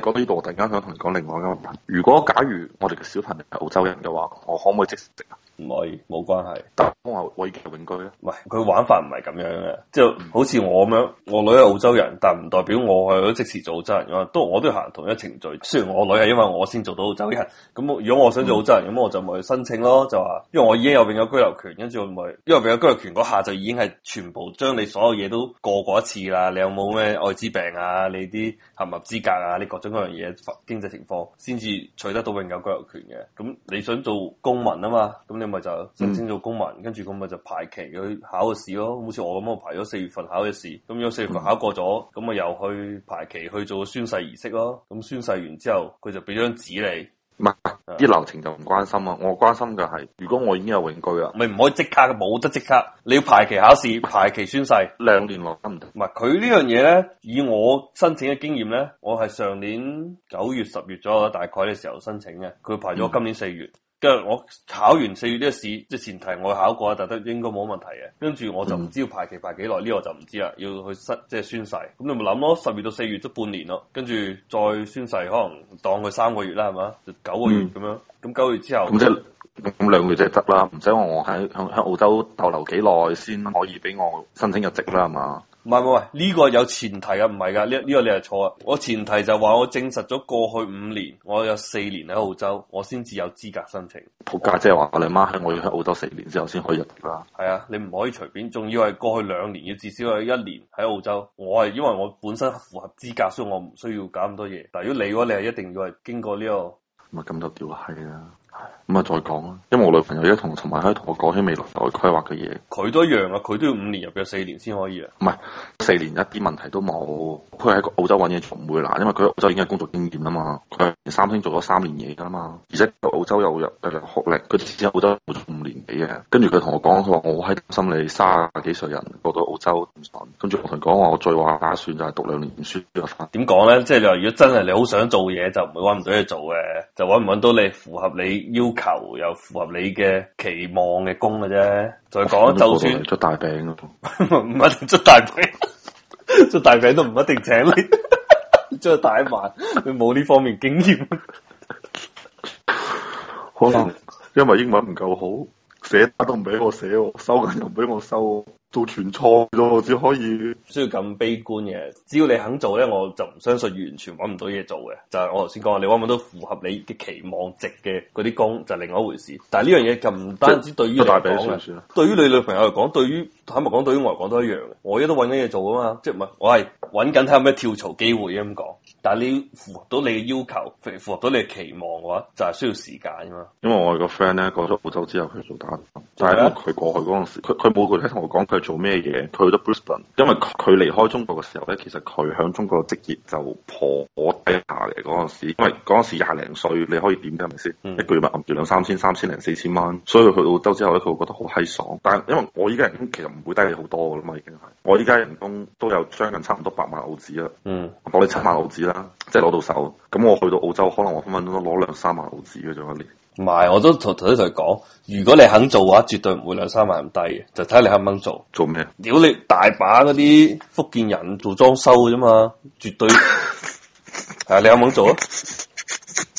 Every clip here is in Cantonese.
講到呢度，我突然間想同你講另外一個問題。如果假如我哋嘅小朋友係澳洲人嘅話，我可唔可以直接食啊？唔可以，冇關係。但我，我已經係永居啦，唔係，佢玩法唔係咁樣嘅。即係好似我咁樣，我女係澳洲人，但唔代表我係即時做澳洲人嘅。都我都要行同一程序。雖然我女係因為我先做到澳洲人，咁如果我想做澳洲人，咁、嗯、我就咪去申請咯，就話因為我已經有永久居留權，跟住我咪因為永久居留權嗰下就已經係全部將你所有嘢都過過一次啦。你有冇咩艾滋病啊？你啲合唔合資格啊？你各種各樣嘢經濟情況，先至取得到永久居留權嘅。咁你想做公民啊嘛？咁你。咁咪就申請做公民，跟住咁咪就排期去考個試咯。好似，嗯、我咁，我排咗四月份考嘅試，咁如果四月份考過咗，咁咪，嗯、又去排期去做宣誓儀式咯。咁宣誓完之後，佢就俾張紙你。唔係啲流程就唔關心啊，我關心嘅係如果我已經有永居啦，咪唔可以即刻，冇得即刻。你要排期考試，排期宣誓，兩年內得唔得？唔係佢呢樣嘢咧，以我申請嘅經驗咧，我係上年九月十月左右，大概嘅時候申請嘅，佢排咗今年四月。嗯嗯跟住我考完四月呢個試，即係前提我考過啦，就得應該冇問題嘅。跟住我就唔知要排期排幾耐，呢個就唔知啦，要去申即係宣誓。咁你咪諗咯，十月到四月都半年咯，跟住再宣誓，可能當佢三個月啦，係嘛？就九個月咁樣。咁九，嗯、個月之後，咁即係咁兩個月就得啦，唔使我喺向向澳洲逗留幾耐先可以俾我申請入籍啦，係嘛？唔係唔係，呢個有前提噶唔係噶呢，呢個你係錯啊！我前提就話我證實咗過去五年，我有四年喺澳洲，我先至有資格申請。仆家姐話我你媽喺我要喺澳洲四年之後先可以入啦。係啊，你唔可以隨便，仲要係過去兩年，要至少有一年喺澳洲。我係因為我本身符合資格，所以我唔需要搞咁多嘢。但如果你嘅你係一定要係經過呢、呢個。咪咁多就叫係啦。咁啊，再講啦，因為我女朋友而家同同埋喺同我講起未來規劃嘅嘢，佢都一樣啊，佢都要五年入咗四年先可以啊，唔係四年一啲問題都冇，佢喺澳洲搵嘢做唔會難，因為佢澳洲已經係工作經驗啦嘛，佢喺三星做咗三年嘢噶啦嘛，而且澳洲又有誒學歷，佢之前澳洲做五年幾啊，跟住佢同我講，佢話我喺心理卅幾歲人過到澳洲唔同，跟住我同佢講話，我最話打算就係讀兩年書再翻。點講咧？即係你話如果真係你好想做嘢，就唔會搵唔到嘢做嘅，就搵唔搵到你符合你。要求有符合你嘅期望嘅工嘅啫，再講、嗯、就算出大餅咯、啊，唔 一定出大餅，出 大餅都唔一定請你，再 大一萬， 你冇呢方面經驗，可 能 Okay, 因為英文唔夠好。寫都唔俾我寫，收緊又唔俾我收，做全倉咗，只可以需要咁悲觀嘅。只要你肯做咧，我就唔相信完全揾唔到嘢做嘅。就係我頭先講，你搵唔到符合你嘅期望值嘅嗰啲工，就係另外一回事。但係呢樣嘢就唔單止對於你嚟講，對於你女朋友嚟講，對於坦白講，對於我嚟講都一樣嘅。我而家都揾緊嘢做啊嘛，即係唔係？我係揾緊睇下咩跳槽機會咁講。但係你符合到你嘅要求，符合到你嘅期望嘅話，就係、是、需要時間㗎嘛。因為我有個 friend 咧，過咗澳洲之後佢做單，打的但係佢過去嗰陣時，佢每冇個咧同我講佢係做咩嘢。佢去咗 Brisbane，、嗯、因為佢離開中國嘅時候咧，其實佢喺中國嘅職業就破我低下嚟嗰陣時，因為嗰陣時廿零歲，你可以點啫係咪先？嗯、一個月乜揞住兩三千、三千零四千蚊，所以佢去澳洲之後咧，佢覺得好閪爽。但係因為我依家人工其實唔會低你好多㗎嘛，已經係我依家人工都有將近差唔多百萬澳紙啦。嗯，我哋七萬澳紙啦。即係攞到手，咁我去到澳洲，可能我分分鐘都攞兩三萬澳紙嘅，做一年。唔係，我都同同啲人講，如果你肯做嘅話，絕對唔會兩三萬咁低嘅，就睇下你肯唔肯做。做咩？屌你，大把嗰啲福建人做裝修嘅啫嘛，絕對係 你肯唔肯做啊？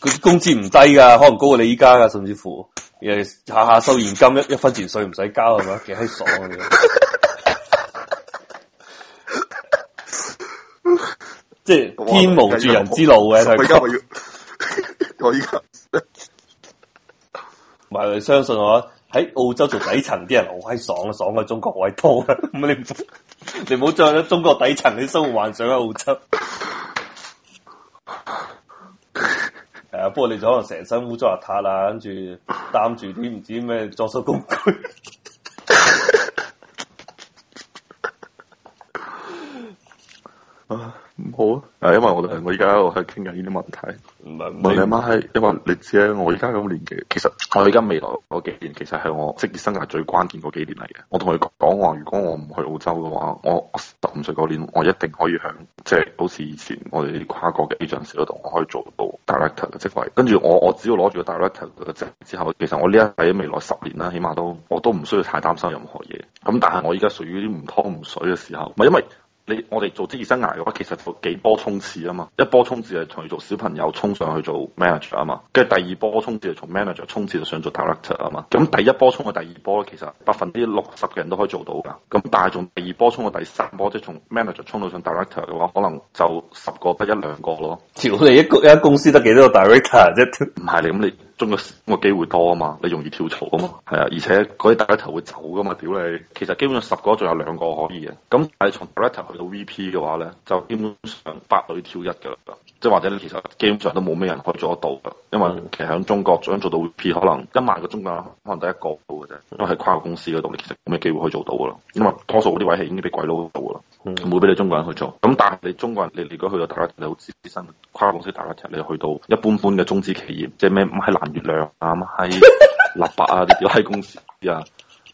佢工資唔低噶，可能高過你依家噶，甚至乎誒下下收現金，一一分錢稅唔使交係嘛？幾閪爽啊！ 即係天無絕人之路嘅，佢而家我，我要我而家，唔係你相信我喺澳洲做底層啲人好閪，哦、爽啊，爽過、啊啊、中國好閪多啊！你唔你唔好將中國底層你生活幻想喺澳洲。誒，不過你就可能成身污糟邋遢啊，跟住擔住啲唔知咩裝修工具。 好啊，誒，因為我哋我而家我喺度傾緊呢啲問題。唔係唔係，媽閪，因為你知咧，我而家咁年紀，其實我而家未來嗰幾年其實係我職業生涯最關鍵嗰幾年嚟嘅。我同佢講，我話如果我唔去澳洲嘅話，我十五歲嗰年，我一定可以喺即係好似以前我哋跨國嘅帳事嗰度，我可以做到 director 嘅職位。跟住我我只要攞住個 director 嘅職之後，其實我呢一喺未來十年啦，起碼都我都唔需要太擔心任何嘢。咁但係我而家屬於啲唔湯唔水嘅時候，唔係因為。你我哋做職業生涯嘅話，其實做幾波衝刺啊嘛，一波衝刺係從做小朋友衝上去做 manager 啊嘛，跟住第二波衝刺係從 manager 衝至到上做 director 啊嘛，咁第一波衝到第二波，其實百分之六十嘅人都可以做到噶，咁但係仲第二波衝到第三波，即係從 manager 衝到上 director 嘅話，可能就十個得一兩個咯。屌你一個一間公司得幾多個 director 啫？ 唔係你咁你。中國個機會多啊嘛，你容易跳槽啊嘛，係啊，而且嗰啲 director 會走噶嘛，屌你，其實基本上十個仲有兩個可以嘅，咁但係從 director 去到 VP 嘅話咧，就基本上百裏挑一㗎啦，即係或者你其實基本上都冇咩人可以做得到㗎，因為其實喺中國想做到 VP 可能一萬個中國人可能得一個到嘅啫，因為喺跨國公司嗰度，你其實冇咩機會可以做到㗎啦，因為多數嗰啲位係已經俾鬼佬做到㗎啦。唔、嗯、會俾你中國人去做，咁但係你中國人，你你如果去到大家你好資資跨公司大家庭，你去到一般般嘅中資企業，即係咩？唔係藍月亮啊，係立白啊啲屌閪公司啊，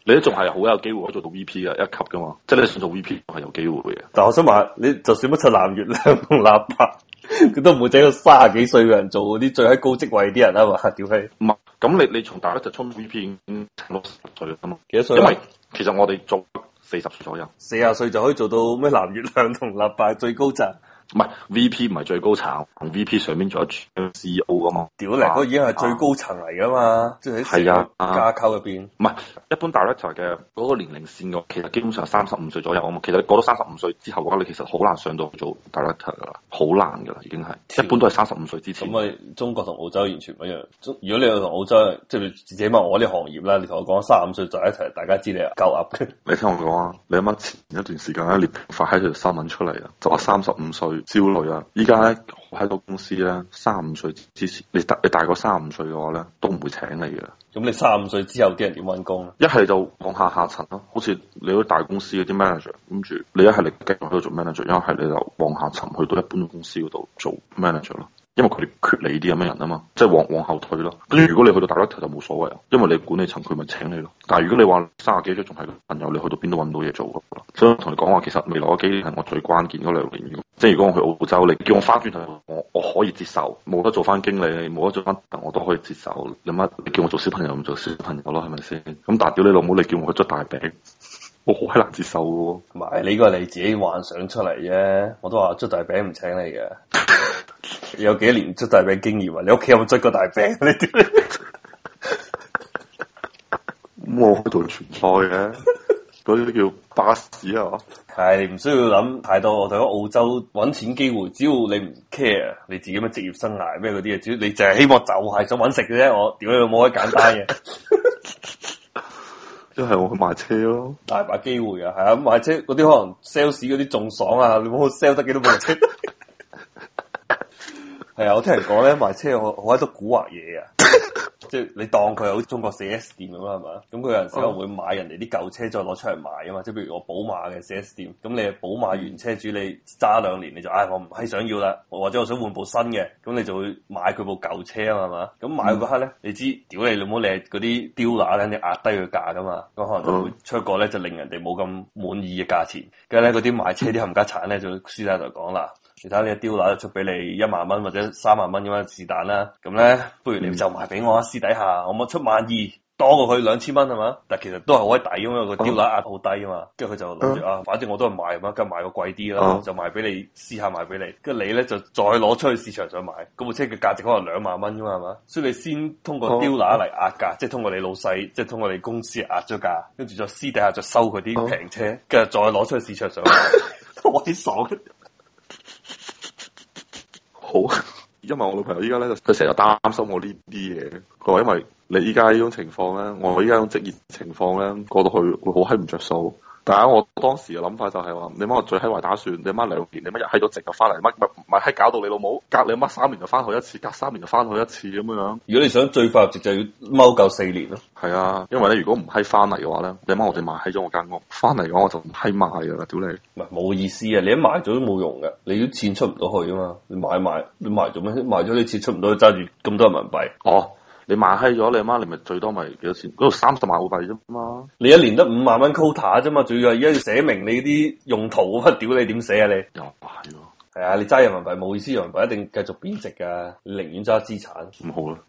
你都仲係好有機會可以做到 V P 啊，一級嘅嘛？即係你想做 V P 係有機會嘅。但我想問，你就算不出藍月亮、同立白，佢都唔會整到卅幾歲嘅人做嗰啲最喺高職位啲人啊嘛？屌 閪，咁你你從大家庭衝 V P 已歲多歲，啊？因為其實我哋做。四十歲左右，四十歲就可以做到咩藍月亮同立白最高值。唔係 V P 唔係最高層，V P 上面仲有 C E O 噶嘛？屌你力，嗰個、啊、已經係最高層嚟噶嘛？即係喺架構入邊。唔係、啊，一般 director 嘅嗰個年齡線嘅，其實基本上三十五歲左右啊嘛。其實你過到三十五歲之後嘅話，你其實好難上到做 director 噶啦，好難噶啦，已經係。一般都係三十五歲之前。咁啊，中國同澳洲完全唔一樣。如果你要同澳洲，即係起碼我呢行業啦，你同我講三十五歲就一齊，大家知你啦，夠噏嘅。你聽我講啊，你啱啱前一段時間咧，連發喺條新聞出嚟啊，就話三十五歲。焦慮啊！依家咧喺個公司咧，三五歲之前，你大你大過三五歲嘅話咧，都唔會請你嘅。咁你三五歲之後啲人點揾工咧？一係就往下下沉咯，好似你啲大公司嗰啲 manager，跟住你一係你繼續喺度做 manager，一係你就往下沉去到一般嘅公司嗰度做 manager 咯。因為佢哋缺你啲咁嘅人啊嘛，即係往往後退咯。跟住如果你去到大集團就冇所謂啊，因為你管理層佢咪請你咯。但係如果你話卅幾歲仲係個朋友，你去到邊度揾到嘢做噶？所以同你講話，其實未來嗰幾年係我最關鍵嗰兩年。即係如果我去澳洲，你叫我翻轉頭，我我可以接受，冇得做翻經理，冇得做翻，我都可以接受。你乜？你叫我做小朋友唔做小朋友咯，係咪先？咁但係屌你老母，你叫我去捉大餅，我好閪難接受噶。唔係，呢個你自己幻想出嚟啫。我都話捉大餅唔請你嘅。 有幾年出大病經驗啊？你屋企有冇出過大病？呢啲冇喺度存在嘅，嗰啲叫巴士啊！係唔 需要諗太多。我睇澳洲揾錢機會，只要你唔 care 你自己嘅職業生涯咩嗰啲嘢，只要你淨係希望就係想揾食嘅啫。我點你冇得簡單嘅？都係 我去賣車咯，大把機會啊！係啊，賣車嗰啲可能 sales 嗰啲仲爽啊！你可唔 sell 得幾多部車？ 係啊，我聽人講咧，賣車我我喺度蠱惑嘢啊， 即係你當佢好似中國四 s 店咁啦，係嘛？咁佢有陣時候會買人哋啲舊車再攞出嚟賣啊嘛，即係譬如我寶馬嘅四 s 店，咁你寶馬原車主你揸兩年，你就唉、哎、我唔係想要啦，或者我想換部新嘅，咁你就會買佢部舊車啊嘛，係嘛？咁買嗰刻咧，你知屌 你老母你嗰啲刁乸咧，你壓低佢價噶嘛，咁可能就出過咧，就令人哋冇咁滿意嘅價錢，跟住咧嗰啲賣車啲冚家鏟咧就輸晒就講啦。 其他啲雕乸出俾你一萬蚊或者三萬蚊咁樣是但啦，咁咧、嗯、不如你就賣俾我啊！嗯、私底下我冇出萬二多過佢兩千蚊係嘛，但其實都係好閪抵，佣，因為個雕乸壓好低啊嘛。跟住佢就諗住、嗯、啊，反正我都係賣，咁啊，賣個貴啲啦、嗯，就賣俾你私下賣俾你。跟住你咧就再攞出去市場上買，嗰部車嘅價值可能兩萬蚊啫嘛，係嘛。所以你先通過雕乸嚟壓價，嗯嗯、即係通過你老細，即係通過你公司壓咗價，跟住就私底下就收佢啲平車，跟住再攞出去市場上買，我閪爽。 好， 因為我女朋友依家咧，佢成日擔心我呢啲嘢。佢話：“因為你依家呢種情況咧，我依家種職業情況咧，過到去會好閪唔着數。”大家我當時嘅諗法就係、是、話，你媽最閪壞打算？你媽兩年？你媽日閪咗直又翻嚟？乜咪咪閪搞到你老母？隔你媽三年就翻去一次，隔三年就翻去一次咁樣。如果你想最快入值，就要踎夠四年咯。係啊，因為咧，如果唔閪翻嚟嘅話咧，你媽我哋賣喺咗我間屋，翻嚟嘅話我就唔閪賣啦，屌你！唔係冇意思啊！你一賣咗都冇用㗎，你啲錢出唔到去啊嘛，你買賣你賣咗咩？賣咗啲錢出唔到去，揸住咁多人民幣。哦。你賣晒咗，你媽你咪最多咪幾多錢？嗰度三十萬澳幣啫嘛。你一年得五萬蚊 quota 啫嘛，仲要而家要寫明你啲用途，我乜屌你點寫啊你？又係咯，係啊，你揸元人民幣冇意思，人民幣一定繼續貶值噶，你寧願揸資產。咁好啦。